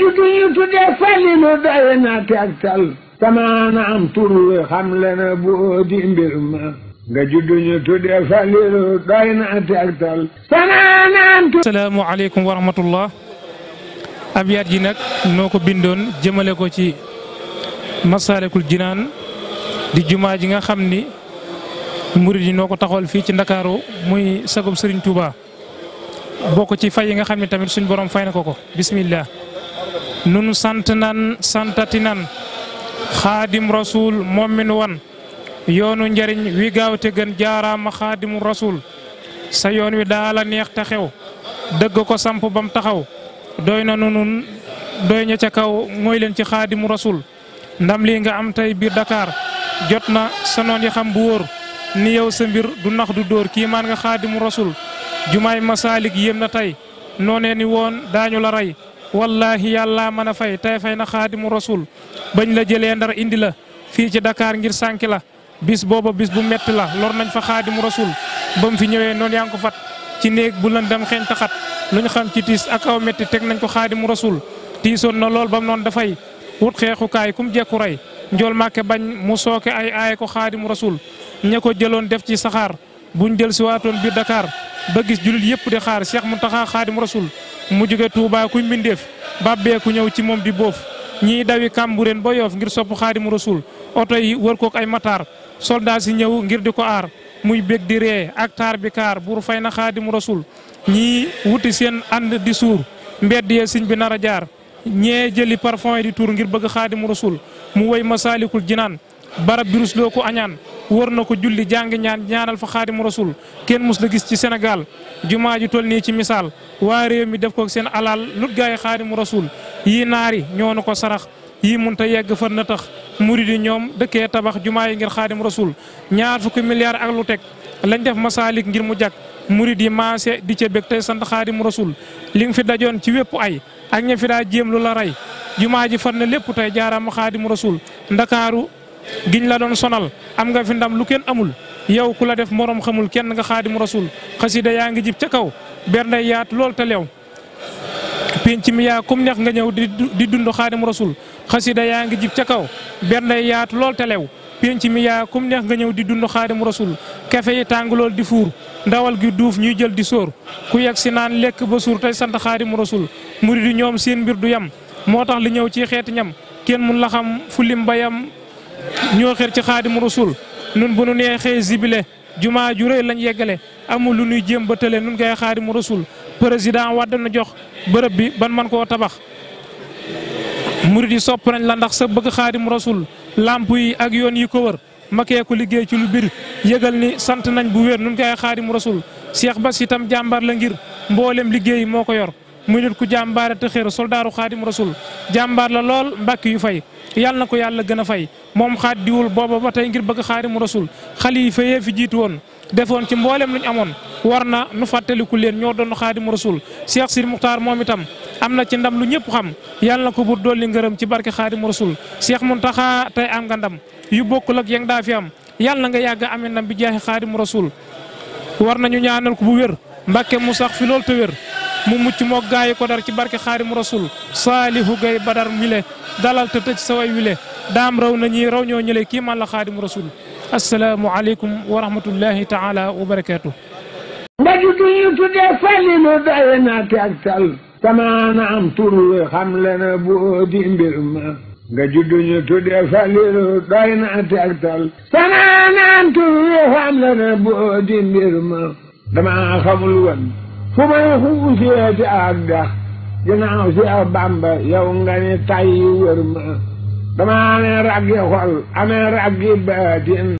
jooju du ñu abyaat ji nag noo ko bindoon jëmale ko ci Masaalikul Jinaan di jumaa ji nga xam ni murid yi noo ko taxawal fii ci Ndakaaru muy sagub Sëriñ Tuuba bokk ci fay yi nga xam ne tamit suñ borom fay na ko ko bismillah nun sant nan santati nan xaadim rasul moom mi wan yoonu njariñ wi gaaw te gën jaaraama xaadimu rasul sa yoon wi daala neex te xew dëgg ko samp bam taxaw doy na nun doy ña ca kaw mooy leen ci xaadimu rasul ndam lii nga am tey biir dakaar jot na sa noon yi bu wóor ni yow sa mbir du nax du dóor kii maan nga xaadimu rasul jumaay masaalik yéem na tey noonee ni woon daañu la rey wallaahi yàlla mën a fay tey fay na xaadimu rasul bañ la jëlee ndara indi la fii ci dakaar ngir sànki la bis booba bis bu metti la lor nañ fa xaadimu rasul ba mu fi ñëwee noonu yaa ngi fat ci néeg bu la dem xeeñ taxat lu ñu xam ci tiis ak kaw metti teg nañ ko xaadimu rasul tiisoon na lool bam noon dafay wut xeexukaay kum jekku rey njool màkke bañ mu sooke ay aaye ko xaadimu rasul ña ko jëloon def ci saxaar buñ jël si waatoon biir dakaar ba gis jullit yëpp di xaar Cheikh Mountakha xaadimu rasul mu jóge Touba kuy mbindeef bàbbee ku ñëw ci moom di boof ñii dawi Kambureen ba Yoof ngir sopp Xaadimu Rasuul oto yi wër kook ay mataar soldat si ñëw ngir di ko aar muy bég di ree ak taar bi kaar buur fay na xaadi Xaadimu rasul ñii wuti seen ànd di suur mbedd yee siñ bi nar a jaar ñee jëli parfum yi di tuur ngir bëgg Xaadimu Rasuul mu woy Masaalikul Jinaan barab birus loo ko añaan wër na ko julli jàng ñaan ñaanal fa xaadimu rasul kenn mus la gis ci senegal jumaa ji toll nii ci misaal waa réew mi def ko seen alal lut gaay xaadimu rasul yii naari ñoo na ko sarax yi yii ta yegg far na tax murid yi ñoom dëkkee tabax jumaa yi ngir xaadim rasul ñaar fukki milliards ak lu teg lañ def masaalik ngir mu jag murid yi maase di ca bég tey sant xaadim rasul li nga fi dajoon ci wépp ay ak ña fi daa jéem lu la rey jumaa ji far na lépp tey jaaraama xaadim rasul ndakaaru giñ la doon sonal am nga fi ndam lu kenn amul yow ku la def morom xamul kenn nga xaadim rasul xasida yaa ngi jib ca kaw bernday yaat lool te leew penc mi yaa kum neex nga ñëw di dund xaadim rasul xasida yaa ngi jib ca kaw bernday yaat lool te leew penc mi yaa kum nga ñëw di dund xaadim rasul kafe yi tàng lool di fuur ndawal gi duuf ñuy jël di soor ku yegg si naan lekk ba suur tey sant xaadim rasul murid di ñoom seen mbir du yam moo tax li ñëw ci xeeti ñam kenn mun la xam fu lim bayam ñoo xër ci xaadimu rasul nun bu nu neexee zibile jumaa ju rëy lañ yeggale amul lu ñuy jéem ba tële nun koy xaadimu rasul président Wade na jox bërëb bi ban man koo tabax murid yi sopp nañ la ndax sa bëgg xaadim rasul lamp yi ak yoon yi ko wër makee ko liggéey ci lu bir yëgal ni sant nañ bu wér nun koy xaadim rasul ba si itam jàmbar la ngir mboolem liggéey moo ko yor muy nit ku jàmbaare te xéer soldaaru xaadim rasul jàmbaar la lool mbàkk yu fay yàlla na ko yàlla gën a fay moom xaat diwul booba ba tey ngir bëgg xaadim rasul xalifa yee fi jiitu woon defoon ci mboolem luñ amoon war na nu fàttaliku leen ñoo doon xaadim rasul Cheikh Sir Muxtaar moom itam am na ci ndam lu ñëpp xam yàlla na ko bur dolli ngërëm ci barke xaadim rasul Cheikh Muntaxa tey am nga ndam yu bokkul ak yang daa fi am yàlla na nga yàgg amee na bi bu wér Mbàkke mu sax mu mucc moo gaayi ko dar ci barke xaadim rasul saalihu gay badar wile dalal te tëj sa way wile daam raw nañi raw ñoo ñële kii man xaadim rasul asalaamu aleykum wa rahmatullahi taala wa barakaatu ndaji ki ñu tuddee falilu doy na tegtal samaana am tur wi xam le na boo di ma nga juddu ñu tuddee falilu doy na tegtal samaana am tur wi xam le na boo di ma dama xamul woon fu may xuusee ti ak gax ginnaaw Seex Bàmba yow nga ni tayyi wër ma damaa amee raggi xol amee raggi baatin